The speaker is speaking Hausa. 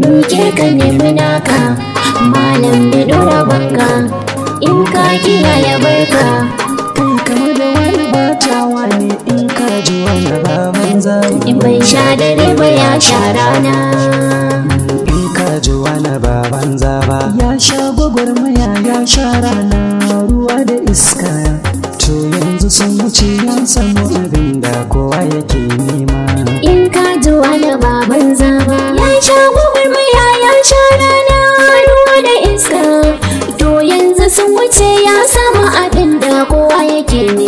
duke ka nemi naka malam da dora banka in ka kira ya barka in kamar da wani batawa ne in ka ji wani baban zai in sha dare ba ya sha rana ya sha gwagwarmaya ya sha rana ruwa da iska to yanzu sun wuce ya samu abin da kowa yake ne wancan rana ruwa da iska to yanzu sun wuce ya sama abin da kowa yake ne